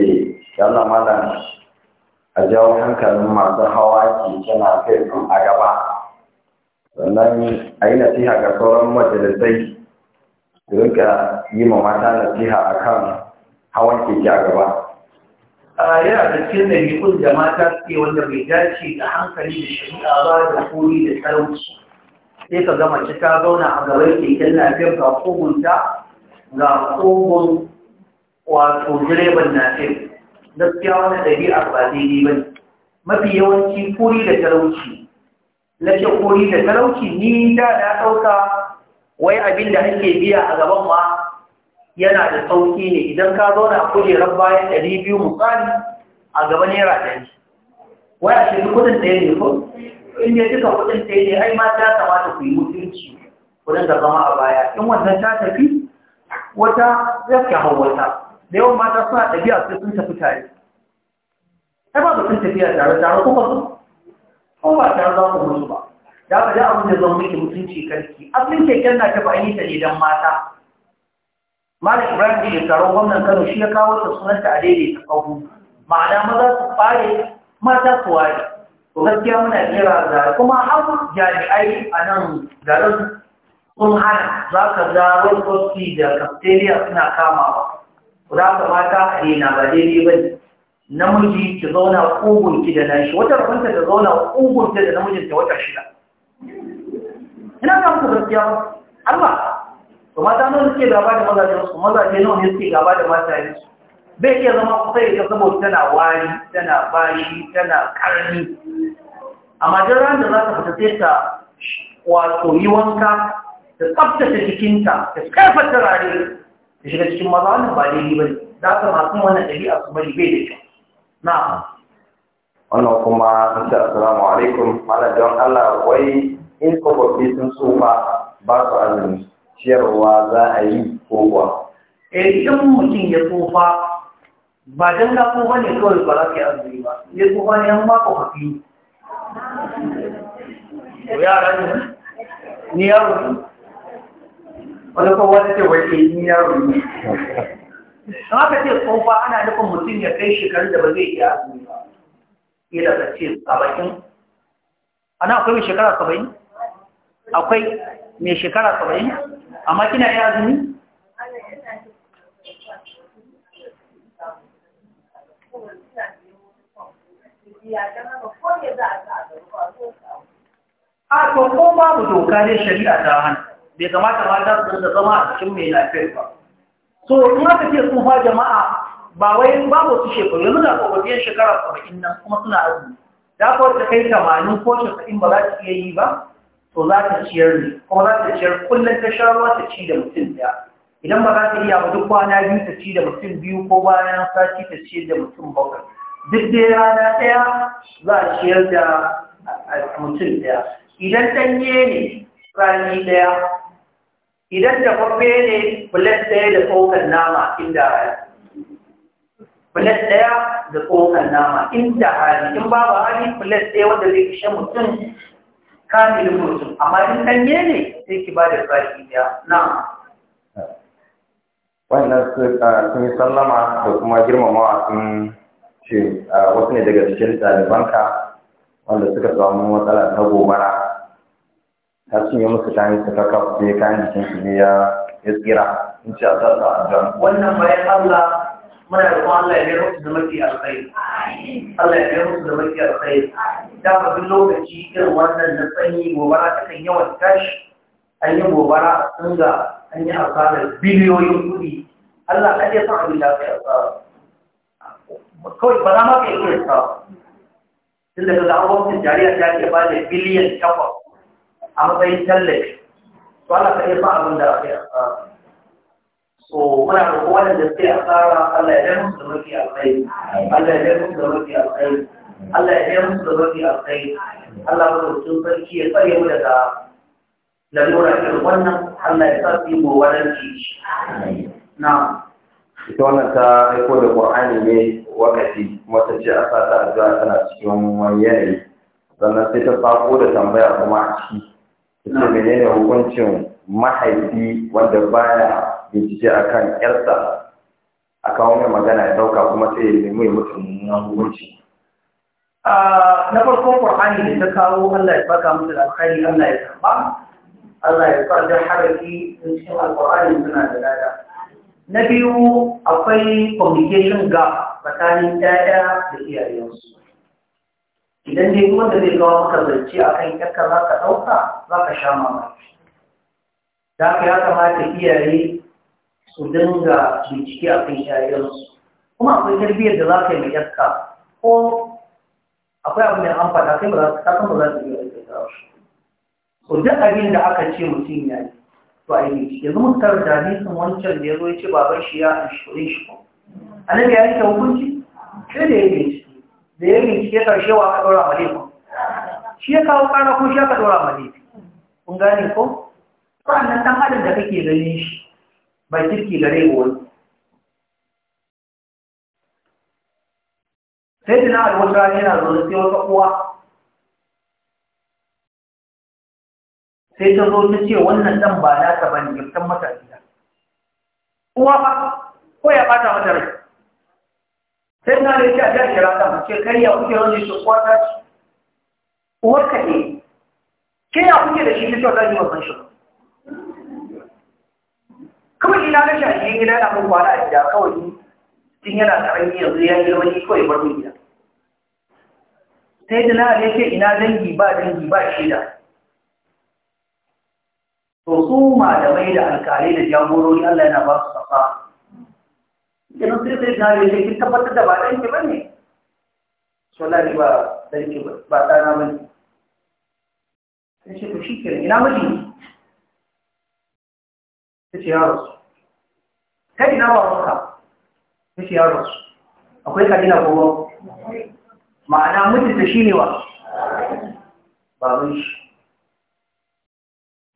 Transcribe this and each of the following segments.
ce yana mana a jawo hankalin masu hawa ke kina kai a gaba sannan a yi nasiha ga sauran majalisai su rinka yi ma mata nasiha a kan hawan keke a gaba yana da cikin da kun da mata suke wanda bai dace da hankali da shari'a ba da kuri da talauci sai ka gama ci ta zauna a gaban keken lafiyar ga kogunta ga kogun wato direban na fil gaskiya wani ɗabi'ar ba daidai ba ne mafi yawanci kuri da talauci na ke kuri da talauci ni da na ɗauka wai abin da ake biya a gaban ma yana da sauƙi ne idan ka zauna a kujerar bayan ɗari biyu misali a gaba naira ɗari wai a shirin kuɗin ɗaya ne ko in ne duka kuɗin ɗaya ne ai mata ya kamata ku yi mutunci ku dinga zama a baya in wannan ta tafi wata zai hau wata da yawan mata suna ɗabi'a sai sun tafi tare ai ba sun tafiya tare tare ko ba ko ba tare za ku mutu ba da ba ji abin da zan miki mutunci karki asalin keken na tafi an yi ta ne don mata malam ibrahim da ya taron gwamnan kano shi ya kawo ta sunanta a daidaita ƙahu ma'ana maza su fare mata su ware to gaskiya muna kira ga kuma har jami'ai a nan garin sun hana za ka ga road da kafteriya suna kamawa za ka mata a na ba daidai ba ne namiji ki zauna ƙugunki da nashi wata rabanta ta zauna ƙugunta da ta wata shida ina ga muku gaskiya ba Allah Ba mata nawa suke gaba da mazajen su mazaje nawa ne suke gaba da matayen su bai iya zama kusa ya saboda tana wari tana bashi tana karni amma duk ran da za ta fita sai ta wato yi wanka ta tsaftace jikinta ta karfa turare shiga cikin maza wannan ba daidai ba ne za ka masu wannan ɗabi'a su bari bai da kyau na wannan kuma sun ce assalamu alaikum mana don allah wai in tsofaffi sun tsufa ba su azumi ciyarwa za a yi ko kuwa eh idan mutum ya tsufa ba don ga ba ne kawai ba za ka yi azumi ba ya tsufa ne an baka hafi yara ne ni yaro ne wani kowa ta ce wai ɗin eh, yaro ne amma ka ce tsofa ana nufin mutum ya kai shekaru da ba zai iya azumi ba ila ta ce sabakin ana akwai mai shekara saba'in akwai mai shekara saba'in amma kina iya azumi a to ko babu doka ne shari'a ta hana bai kamata mata su da zama a cikin mai lafiyar ba so in aka ce sun fa jama'a ba wai babu su shekaru yanzu da tsofaffin shekara saba'in nan kuma suna azumi da ku ta kai tamanin ko sheka'in ba za ta iya yi ba to za ta ciyar ne kuma za ta ciyar kullum ta sha ruwa ta ci da mutum ɗaya idan ba za ta iya ba duk kwana biyu ta ci da mutum biyu ko bayan sati ta ci da mutum bakwai duk dai rana ɗaya za a ciyar da mutum ɗaya idan ɗanye ne rani ɗaya idan da kwamfe ne bulat ɗaya da tsokan nama inda hali bulat ɗaya da tsokan nama inda hali in babu hali bulat ɗaya wanda zai ishe mutum kamilin mutum amma in ɗanye ne sai ki ba da tsaki ɗaya na wannan sun yi sallama da kuma girmamawa sun ce wasu ne daga cikin ɗalibanka wanda suka samu matsala ta gobara هاتي يوم ستاني ستاكف في كان جسم سبيا يسكرا إن شاء الله الله أجل وإن بأي الله من يرغب الله يرغب زمكي الخير الله يرغب زمكي الخير دابا بلو تشيك وانا نطيني وبرا تخيني وانكش أن يبوبرا أنجا أن يأصال بليو يمكني الله قد يصعب الله في أصال كوي بلا ما في إيه أصال إلا بلا أول تجاريا تجاريا بالي بليان كفر a matsayin tallafi to Allah ka iya ba abin da aka yi so muna da waɗanda a asara Allah ya dai musu da mafi alkhairi Allah ya dai musu da mafi alkhairi Allah ya dai musu da mafi alkhairi Allah ya musu sarki ya tsare mu daga lalura wannan Allah ya sa yi gowaranci na ita wannan ta aiko da ƙwa'ani ne wakati kuma ta ce a sa ta addu'a tana cikin wani yanayi sannan sai ta sako da tambaya kuma a ciki ita menene hukuncin mahaifi wanda baya bincike a kan yarsa kawo wani magana ya dauka kuma sai ya nemi ya mutu hukunci na farko qur'ani da ta kawo Allah ya baka musu da alkhairi Allah ya karba Allah ya sa da harafi cikin alƙur'ani suna da lada na biyu akwai communication gap tsakanin ɗaya da iyayensu idan dai da zai gawa maka zance a kan yankan za ka ɗauka za ka sha mamaki Za ka ya kamata iyaye su dinga bincike a kan shayarsu kuma akwai tarbiyyar da za ka yi mai yakka ko akwai abu mai amfana kai ba za ka kasan ba za ka yi aiki duk abin da aka ce mutum ya yi to a yi yanzu mun tarar da hadisin wancan da ya zo ya ce baban shi ya shi kuɗin shi ko annabi ya ta hukunci sai da ya yi da ya bincike karshe wa aka ɗora malefin shi ya kawo ƙara ko shi aka ɗora malefin kun gane ko sa'annan ɗan adam da kake ganin shi Bai kirki gare ga wani sai da na alwata rani yana zo da wata uwa sai ta zo ta ce wannan ɗan ba nasa ba ne ya mata gida uwa ba ko ya ɓata mata rai sai na da a jar kira ta ce kai ya kuke wani shi kwata ce uwar ka ne ke ya kuke da shi ta cewa zai wasan shi Kuma ina na shashi gida na mun kwana a gida kawai tun yana karami yanzu ya girma wani kawai bar mun gida sai da na ya ce ina dangi ba dangi ba shida to su malamai da alkalai da jagorori Allah yana ba su safa kenan sai sai na ne kin tabbatar da ba ɗan ki bane wallahi ba ɗan ki ba ɗana bane ce to shi kenan ina miji ce ya rasu kai ina ba wanka sai ce ya rasu akwai kadina ko ma'ana mijinta shi ne wa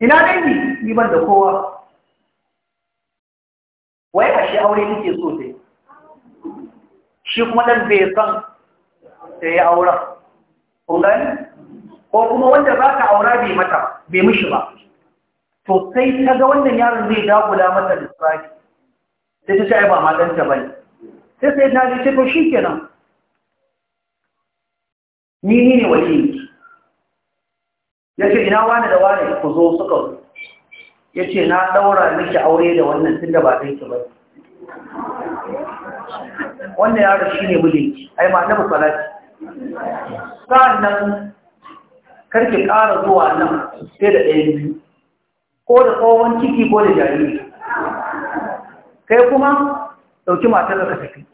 ina dangi ni ban da kowa wai a shi aure yake so sai shi kuma Dan bai san sai ya auren gani? ko kuma wanda za ka aura bai mata bai mishi ba to sai ta ga wannan yaron zai dagula mata lissafi sai ta ce ba matanta ba ne sai sai ta ji to shi kenan ni ne waliyin ya ce ina wani da wani ku zo suka zo ya ce na ɗaura miki aure da wannan tun da ba zai ki ba wannan yaro shi ne mijinki ai ma na musalati sa'annan karki ƙara zuwa nan sai da ɗayan biyu ko da tsohon ciki ko da jariri kai kuma ɗauki matar da ka tafi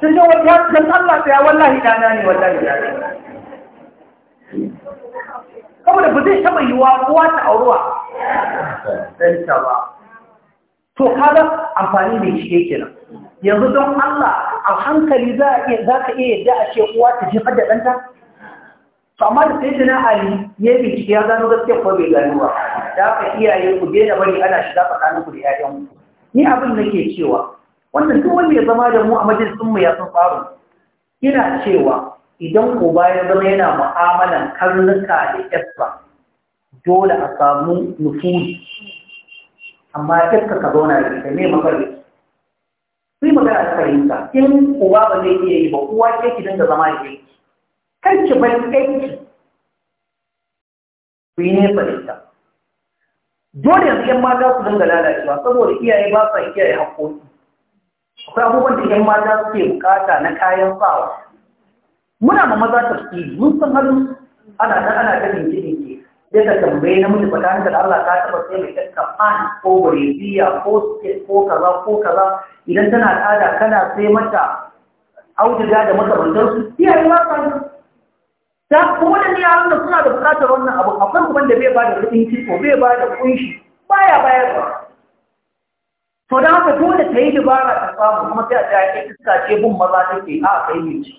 sun ga wata don Allah ya wallahi dana ne wallahi dana da ba zai taɓa yiwa kowa ta auruwa ba to kaga amfani da shi yake nan yanzu don Allah a hankali za ka iya yadda a ce uwa ta jefar da ɗanta to amma da sai na ali ya bincike ya gano gaskiya ko bai gano ba da iyaye ku da bari ana shiga tsakaninku da 'ya'yanku ni abin nake cewa wannan duk wanda ya zama da mu a majalisunmu ya san tsarin ina cewa idan uba ya zama yana mu'amalan karnuka da yasa dole a samu nufuri amma iska ka zauna da ita ne Su sai magana ta fahimta in uwa ba zai iya yi ba uwa ke ki dinga zama da yake kan ki bar ɗanki ku yi ne da dole yanzu yan mata su dinga lalacewa saboda iyaye ba sa iyaye haƙoƙi akwai abubuwan da yan mata suke bukata na kayan sawa muna ma maza tafsiri mun san hannu ana ta ana ta jinkiri da ka tambaye namiji tsakanin da Allah ta taba sai mai ta kafan ko burebiya ko ko kaza ko kaza idan tana tsada kana sai mata auduga da makarantar su yi ma ne ta da ne da suna da bukatar wannan abu akwai kuma da bai ba da kudin bai ba da kunshi baya ba to da haka dole ta yi dubara ta samu kuma sai a ta yi iska ce bin maza ta ke, a kai mai ci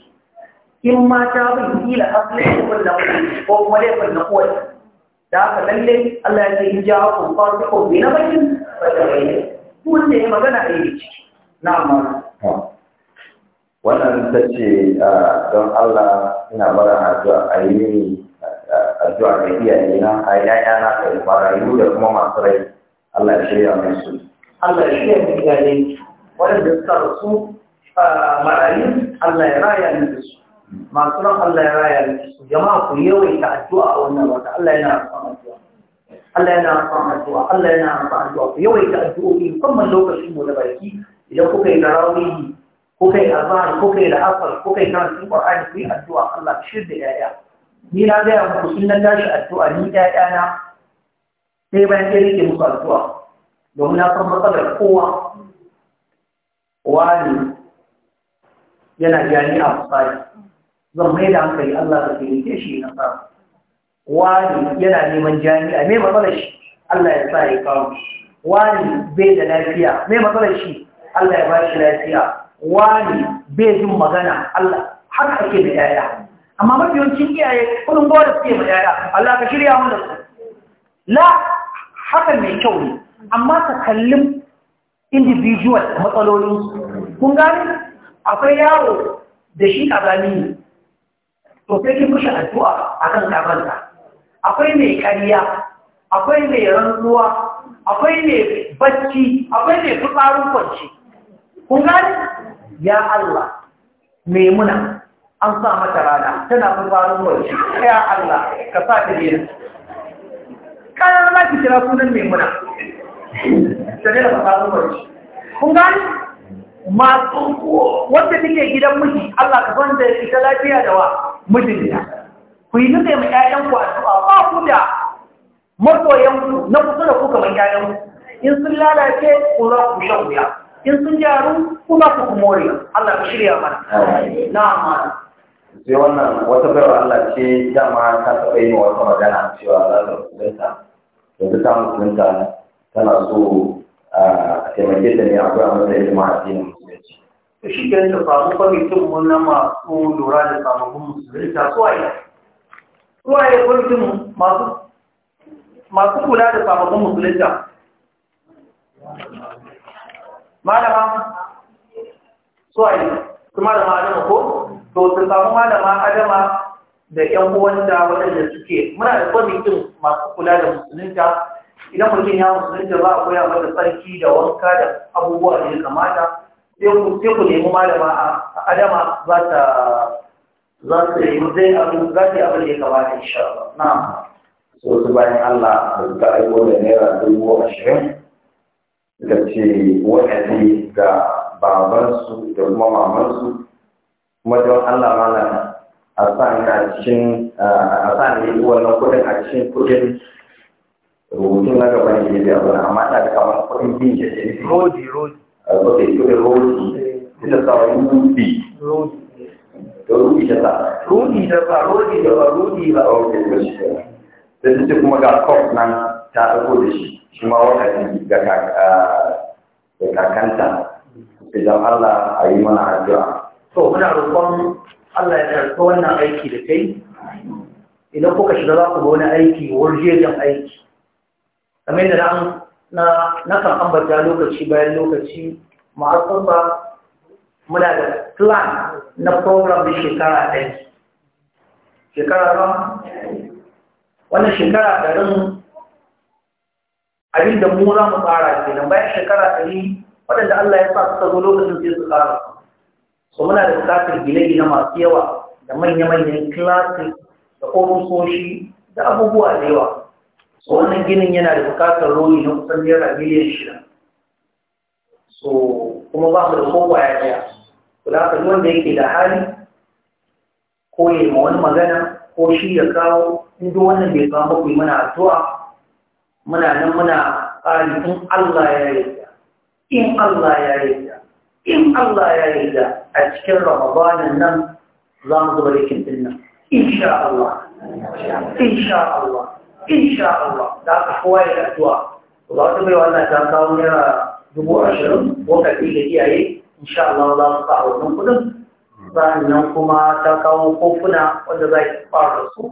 in mata bin kila asalin ko kuma laifin na kowace? da aka lalle Allah ya ce in ja ku fasi ko bi na bakin ba ta bayyana wanda ya magana a yi ciki na ma wannan ta ce ah, don Allah ina mara addu'a a yi mini ah, addu'a ga iyaye na a yaya na kai marayu da kuma masu rai Allah ya shirya mai su Allah ya shirya mai iyaye da suka rasu ah, marayu Allah ya raya su masu ran Allah ya raya da su jama'a ku yawaita addu'a a wannan wata Allah yana son addu'a Allah yana son addu'a Allah yana son addu'a ku yawaita addu'o'i musamman lokacin mu da baki idan kuka yi tarawih kuka yi azhar kuka yi la'asar kuka yi karatun Qur'ani ku yi addu'a Allah shir da yaya ni na ga muku sunan tashi addu'a ni yaya na sai bayan da yake muku addu'a domin na san matsalar kowa wani yana jami'a misali zan mai da hankali Allah da ka taimake shi na sa wani yana neman jami'a me matsalar shi Allah ya sa ya kawo wani bai da lafiya me matsalar shi Allah ya ba shi lafiya wani bai jin magana Allah haka ake da yaya amma mafi yawancin iyaye kudin gowar da suke ma yaya Allah ka shirya mun da su la haka mai kyau ne amma ka kallin individual matsalolinsu kun gani akwai yaro da shi a ƙazami to sai kin mishi addu'a akan kafansa akwai mai ƙarya akwai mai rantsuwa akwai mai bacci akwai mai fitsarin kwanci kun gani ya Allah mai muna an sa mata rana tana fitsarin kwanci ya Allah ka sa ta jira. kayan za ki kira sunan mai muna tare da fitsarin kwanci kun gani masu wanda take gidan miji Allah ka da ita lafiya da wa mijinta ku yi nuka ma ƴaƴan ku addu'a ba ku da makoyan ku na kusa da ku kamar ƴaƴan ku in sun lalace ku za ku shan wuya in sun gyaru ku za ku kumori Allah ku shirya mana na malam sai wannan wata baiwa Allah ce dama ta taɓa yi wata magana cewa za ta musulunta yanzu ta musulunta tana so ah, a taimake ta ne a koya mata ilimin addinin shi ke ta samu kwamitin mu na masu lura da samun musulunta suwaye suwaye kwamitin masu kula da samun musulunta malama suwaye su malama adama ko to su samu malama adama da ‘yan uwanta waɗanda suke muna da kwamitin masu kula da musulunta idan mutum ya musulunta ba a koya mata tsarki da wanka da abubuwa da ya kamata sai ku nemi malama a adama za ta za su yi zai abu za su yi abu da ya kamata insha Allah na so su bayan Allah da suka aiko da naira dubu ashirin da ce wa'azi ga babansu da kuma mamansu kuma don Allah malam a sa ni a cikin a sa ni wannan kuɗin a cikin kuɗin rubutu na gaban da ya biya amma ina da kamar kuɗin bin da ya rodi rodi Você escolheu Rose, você estava em um bi. Rudi já está. Rudi já está, Rudi ce kuma ga kok nan ta ɗago da shi ga kakanta idan Allah a mana addu'a. So muna roƙon Allah ya karɓi wannan aiki da kai, idan kuka shiga za ku ga wani aiki, warjejen aiki. na nakan ambata lokaci bayan lokaci ba muna da plan na program da shekara ɗaya shekara ba wannan shekara ɗarin abin da mu za mu tsara nan bayan shekara ɗari waɗanda Allah ya sa su zo lokacin sai su tsara so muna da buƙatar gine-gine masu yawa da manya-manyan classes da ofisoshi da abubuwa da yawa so wannan ginin yana da bukatar roli na kusan naira miliyan shida so kuma ba mu da kowa ya ɗaya da ka wanda yake da hali ko ya ma wani magana ko shi ya kawo inda wannan bai kawo ba ku yi mana muna nan muna ƙari in Allah ya yarda in Allah ya yarda in Allah ya yarda a cikin Ramadanin nan za mu zuba rikin din nan insha Allah insha Allah insha Allah da aka kowa ya addu'a to ba wata mai wannan ta kawo naira dubu ashirin ko ka ɗi da iyaye insha Allah za su sa wannan kuɗin sannan kuma ta kawo kofuna wanda za ki fara su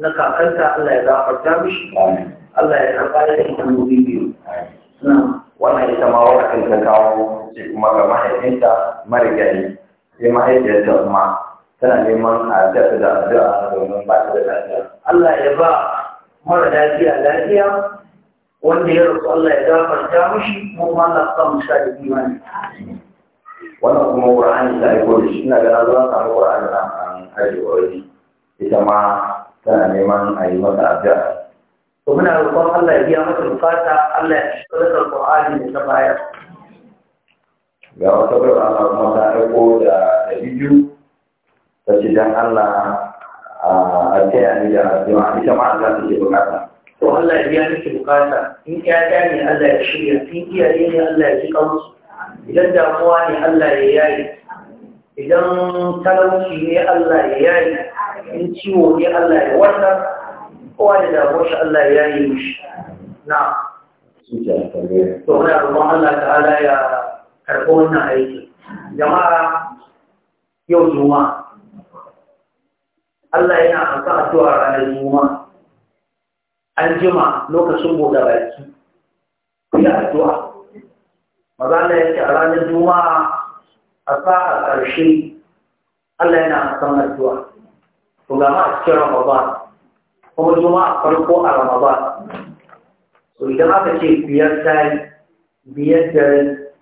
na kakanta Allah ya zafarta mishi Allah ya karɓa da ita wuri biyu wannan ita ma wata kan ta kawo ce kuma ga mahaifinta marigayi sai mahaifiyarta kuma tana neman a tafi da addu'a domin ba ta da lafiya Allah ya ba mara lafiya lafiya wanda ya rasu Allah ya gafarta mushi mu ma Allah ka mu sa da imani wannan kuma Qur'ani da aiko da shi ina ga za samu Qur'ani da an ajiye waje ita ma tana neman a yi mata addu'a to muna roƙon Allah ya biya mata bukata Allah ya shiga da Qur'ani da ta baya. ga wata bai Allah kuma ta aiko da bidiyo ta ce dan Allah a taya ni da addu'a ita ma Allah take bukata Allah ya biya miki bukata in ƴaƴa ne Allah ya shirya in iyaye ne Allah ya ji kansu idan damuwa ne Allah ya yayi idan talauci ne Allah ya yayi in ciwo ne Allah ya wannan kowa Allah ya yayi mishi Allah ta'ala ya karɓo wannan aiki jama'a yau Allah yana amsa addu'a ranar juma'a an jima lokacin buɗe baki ku yi addu'a maza Allah yake a ranar juma'a a a ƙarshe Allah yana san addu'a ku ga ma a cikin Ramadan kuma juma'a farko a Ramadan to idan aka ce biyar tayi biyar dare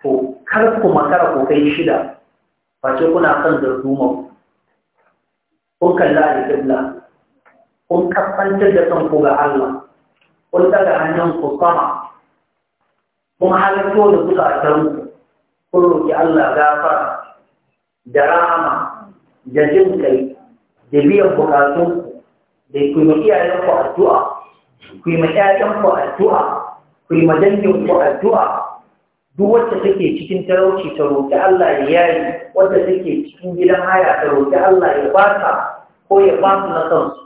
to kar ku makara ku kai shida face kuna son dardumar kun kalla alƙibla kun kafantar da ku ga Allah kun daga hannun ku sama kun halatto da a can kun roƙi Allah gafara da rahama da jin kai da biyan bukatunku da ku yi iyayenku addu'a ku yi ma ƴaƴanku addu'a ku yi ma danginku addu'a duk wacce take cikin talauci ta roƙi Allah ya yayi wacce take cikin gidan haya ta roƙi Allah ya ba ta ko ya ba su na kansu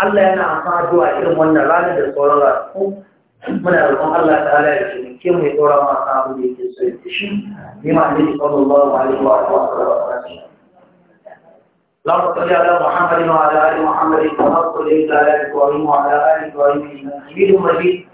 Allah yana amfana zuwa irin wannan ranar da sauran ranaku muna roƙon Allah ta'ala ya ce ke mu ya tsora ma ta abu da yake so ya shi bi ma ne sallallahu alaihi wa sallam اللهم صل على محمد وعلى ال محمد كما صليت على ابراهيم وعلى ال ابراهيم انك حميد مجيد